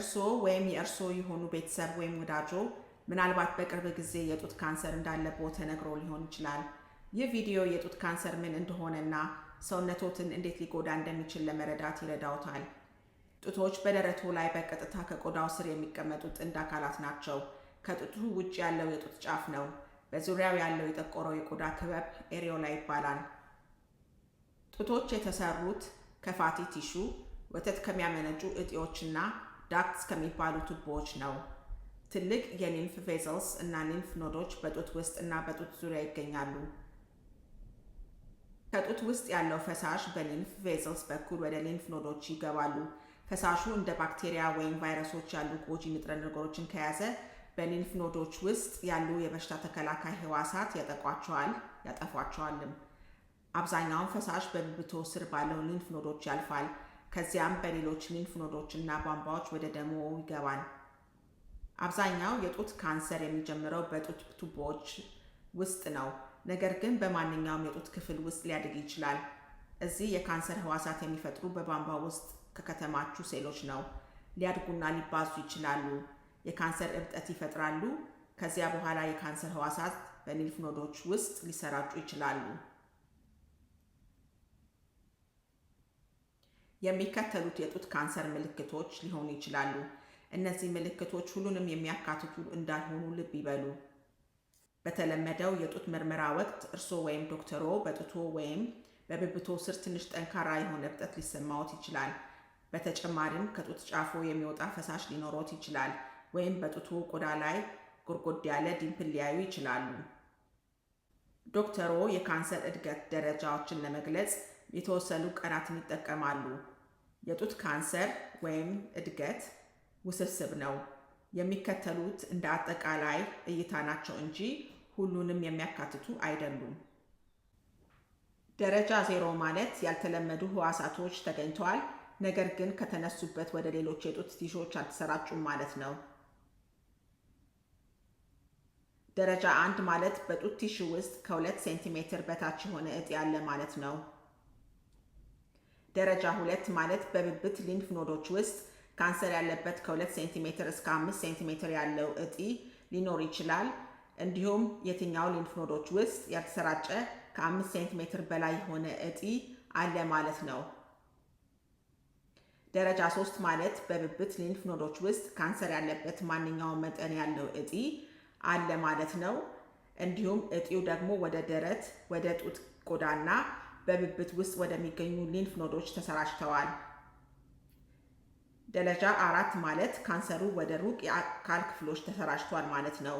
እርስዎ ወይም የእርስዎ የሆኑ ቤተሰብ ወይም ወዳጆ ምናልባት በቅርብ ጊዜ የጡት ካንሰር እንዳለበ ተነግሮ ሊሆን ይችላል። ይህ ቪዲዮ የጡት ካንሰር ምን እንደሆነና ሰውነቶትን እንዴት ሊጎዳ እንደሚችል ለመረዳት ይረዳውታል። ጡቶች በደረቶ ላይ በቀጥታ ከቆዳው ስር የሚቀመጡ ጥንድ አካላት ናቸው። ከጡቱ ውጭ ያለው የጡት ጫፍ ነው። በዙሪያው ያለው የጠቆረው የቆዳ ክበብ ኤሪዮላ ይባላል። ጡቶች የተሰሩት ከፋቲ ቲሹ፣ ወተት ከሚያመነጩ እጢዎችና ዳክትስ ከሚባሉ ቱቦዎች ነው። ትልቅ የኒምፍ ቬዘልስ እና ኒምፍ ኖዶች በጡት ውስጥ እና በጡት ዙሪያ ይገኛሉ። ከጡት ውስጥ ያለው ፈሳሽ በሊምፍ ቬዘልስ በኩል ወደ ሊምፍ ኖዶች ይገባሉ። ፈሳሹ እንደ ባክቴሪያ ወይም ቫይረሶች ያሉ ጎጂ ንጥረ ነገሮችን ከያዘ በሊምፍ ኖዶች ውስጥ ያሉ የበሽታ ተከላካይ ህዋሳት ያጠቋቸዋል ያጠፏቸዋልም። አብዛኛውን ፈሳሽ በብብቶ ስር ባለው ሊምፍ ኖዶች ያልፋል። ከዚያም በሌሎች ሊንፍ ኖዶች እና ቧንቧዎች ወደ ደሞ ይገባል። አብዛኛው የጡት ካንሰር የሚጀምረው በጡት ቱቦዎች ውስጥ ነው፣ ነገር ግን በማንኛውም የጡት ክፍል ውስጥ ሊያድግ ይችላል። እዚህ የካንሰር ህዋሳት የሚፈጥሩ በቧንቧ ውስጥ ከከተማችሁ ሴሎች ነው። ሊያድጉና ሊባዙ ይችላሉ፣ የካንሰር እብጠት ይፈጥራሉ። ከዚያ በኋላ የካንሰር ህዋሳት በሊንፍ ኖዶች ውስጥ ሊሰራጩ ይችላሉ። የሚከተሉት የጡት ካንሰር ምልክቶች ሊሆኑ ይችላሉ። እነዚህ ምልክቶች ሁሉንም የሚያካትቱ እንዳልሆኑ ልብ ይበሉ። በተለመደው የጡት ምርመራ ወቅት እርስዎ ወይም ዶክተሮ በጡቶ ወይም በብብቶ ስር ትንሽ ጠንካራ የሆነ እብጠት ሊሰማዎት ይችላል። በተጨማሪም ከጡት ጫፎ የሚወጣ ፈሳሽ ሊኖሮት ይችላል፣ ወይም በጡቶ ቆዳ ላይ ጎድጎድ ያለ ዲምፕል ሊያዩ ይችላሉ። ዶክተሮ የካንሰር እድገት ደረጃዎችን ለመግለጽ የተወሰኑ ቀናትን ይጠቀማሉ። የጡት ካንሰር ወይም እድገት ውስብስብ ነው። የሚከተሉት እንደ አጠቃላይ እይታ ናቸው እንጂ ሁሉንም የሚያካትቱ አይደሉም። ደረጃ ዜሮ ማለት ያልተለመዱ ህዋሳቶች ተገኝተዋል፣ ነገር ግን ከተነሱበት ወደ ሌሎች የጡት ቲሾች አልተሰራጩም ማለት ነው። ደረጃ አንድ ማለት በጡት ቲሹ ውስጥ ከሁለት ሴንቲሜትር በታች የሆነ እጢ ያለ ማለት ነው። ደረጃ ሁለት ማለት በብብት ሊንፍ ኖዶች ውስጥ ካንሰር ያለበት ከሁለት ሴንቲሜትር እስከ አምስት ሴንቲሜትር ያለው እጢ ሊኖር ይችላል። እንዲሁም የትኛው ሊንፍ ኖዶች ውስጥ ያልተሰራጨ ከአምስት ሴንቲሜትር በላይ የሆነ እጢ አለ ማለት ነው። ደረጃ ሶስት ማለት በብብት ሊንፍ ኖዶች ውስጥ ካንሰር ያለበት ማንኛውም መጠን ያለው እጢ አለ ማለት ነው። እንዲሁም እጢው ደግሞ ወደ ደረት፣ ወደ ጡት ቆዳና በብብት ውስጥ ወደሚገኙ ሊንፍ ኖዶች ተሰራጭተዋል። ደረጃ አራት ማለት ካንሰሩ ወደ ሩቅ የአካል ክፍሎች ተሰራጭቷል ማለት ነው።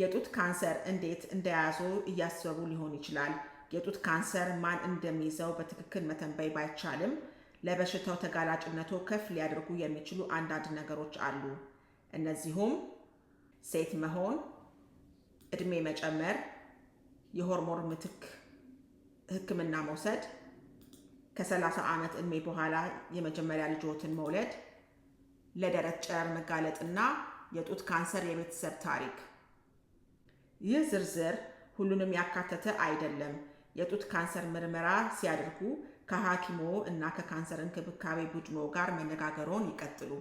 የጡት ካንሰር እንዴት እንደያዙ እያሰቡ ሊሆን ይችላል። የጡት ካንሰር ማን እንደሚይዘው በትክክል መተንበይ ባይቻልም ለበሽታው ተጋላጭነቱ ከፍ ሊያደርጉ የሚችሉ አንዳንድ ነገሮች አሉ። እነዚሁም ሴት መሆን፣ እድሜ መጨመር፣ የሆርሞን ምትክ ህክምና መውሰድ፣ ከ30 ዓመት እድሜ በኋላ የመጀመሪያ ልጆትን መውለድ፣ ለደረት ጨረር መጋለጥና የጡት ካንሰር የቤተሰብ ታሪክ። ይህ ዝርዝር ሁሉንም ያካተተ አይደለም። የጡት ካንሰር ምርመራ ሲያደርጉ ከሐኪሞ እና ከካንሰር እንክብካቤ ቡድኖ ጋር መነጋገሮን ይቀጥሉ።